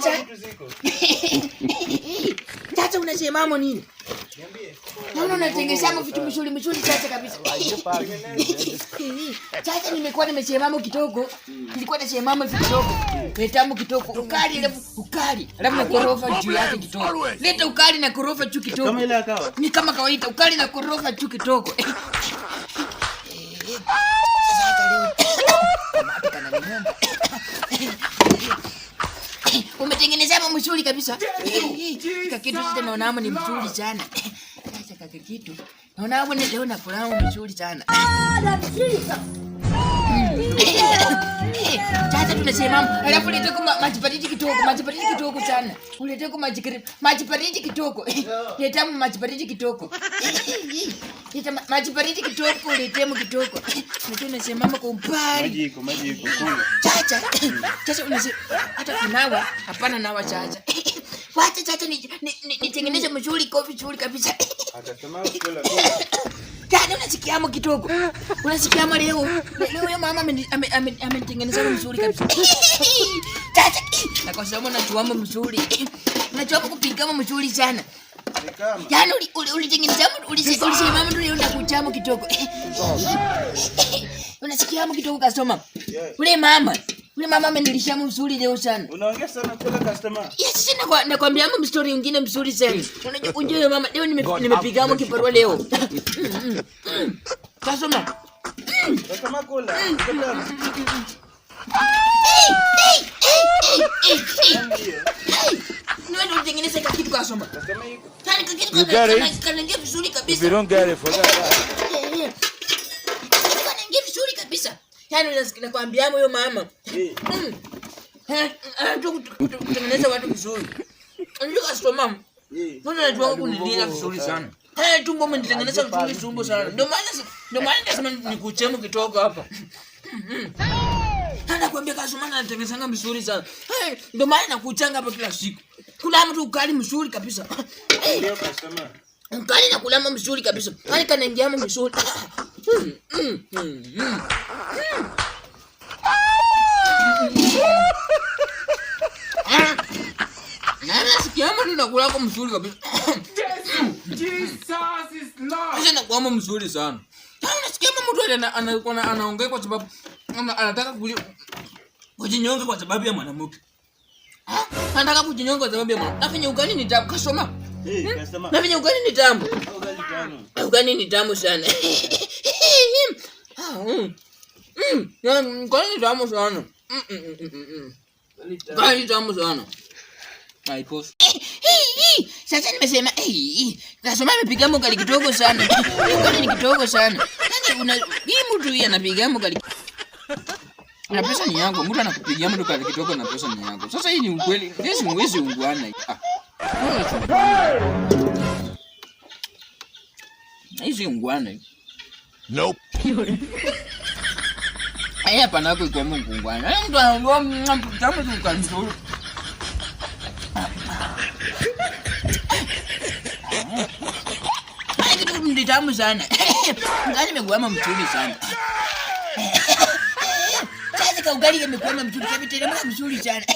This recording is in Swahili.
Chacha. Chacha unasema unasemamo nini? Niambie. Yaani Naona unatengenezamo vitu mishuli mishuli chacha kabisa. Chacha nimekuwa nimesemamo kidogo. Nilikuwa nasemamo vitu kidogo. Letamu kidogo. Ukali alafu ukali. Alafu na korofa juu yake kidogo. Leta ukali na korofa juu kidogo. Kama ile akawa. Ni kama kawaida ukali na korofa juu kidogo. Eh. Sasa hata leo. Kama hata kana nyumba. kama mzuri kabisa. Eh, eh, eh. Kaka kitu sisi naona mama ni mzuri sana. Sasa kaka kitu. Naona ni leo na furaha mzuri sana. Ah, that's Chacha tunasimama. Alafu lete kwa majipatiti kidogo, majipatiti kidogo sana. Ulete kwa majikrimu, majipatiti kidogo. Leta mu majipatiti kidogo. Leta majipatiti kidogo, lete mu kidogo. Unajua unasimama kwa umbali. Maji iko, maji iko. Chacha. Chacha unasi hata kunawa, hapana nawa chacha. Wacha chacha nitengeneze mzuri kofi nzuri kabisa. Atasema kula kula. Yaani unachikiamo kidogo. Unachikiamo leo. Leo ya mama amenitengeneza mzuri kabisa. Chacha. Na kwa sababu nachuamo mzuri. Nachuamo kupigamo mzuri sana. Yaani ulitengeneza ulisema mama ndio unaenda kuchamo kidogo. Unachikiamo kidogo kasoma. Ule mama. Yule mama mimi nilishamu mzuri leo sana. Unaongea sana kwa customer. Yes, sina kwa nakwambia mama story nyingine mzuri sana. Unajua unjua yule mama leo nimepiga hapo kiparua leo. Customer. Mm, mm, customer kula. You get it? If you don't get it, forget that. Eh, eh. Yani, nakwambia huyo mama kutengeneza watu vizuri. Kasoma najua kunilinda vizuri sana, tumbo umenitengeneza vizuri tumbo sana, ndio maana nasema nikuchemu kitoko hapa. Nakwambia Kasoma anatengenezanga vizuri sana, ndio maana nakuchanga hapa kila siku. Kula mtu ukali mzuri kabisa, ukali na kulama mzuri kabisa, kanaingiamo mzuri nakulako mzuri kabisa. Jesus is Nakulamo mzuri sana. Yaani unasikia mama mtu anaongea kwa sababu anataka kujinyonga kwa sababu ya mwanamke. Anataka kujinyonga kwa sababu ya mwanamke. Na venye ugali ni tamu kasoma. Eh, hmm? Na venye ugali ni tamu. Eh, ah, ugali ni tamu sana. Ah, hmm. Hmm. Ugali ni tamu sana. Mm, mm, mm, Ugali ni tamu sana. Eh, Sasa nimesema eh, kasoma amepiga mokali kidogo sana, ni kidogo sana yaani hii. Mtu hii anapiga mokali na pesa ni yako, mtu anakupigia mokali kidogo na pesa ni yako. Sasa hii ni ukweli, hizi mwezi unguana hizi ah. ungwana nope. Haya panako ikwamo ngungwana yaani mtu anaongea mtamu tukazuri ni tamu sana. Ugali imekuwama mzuri sana. Sasa kaugali imekuwama mzuri sana.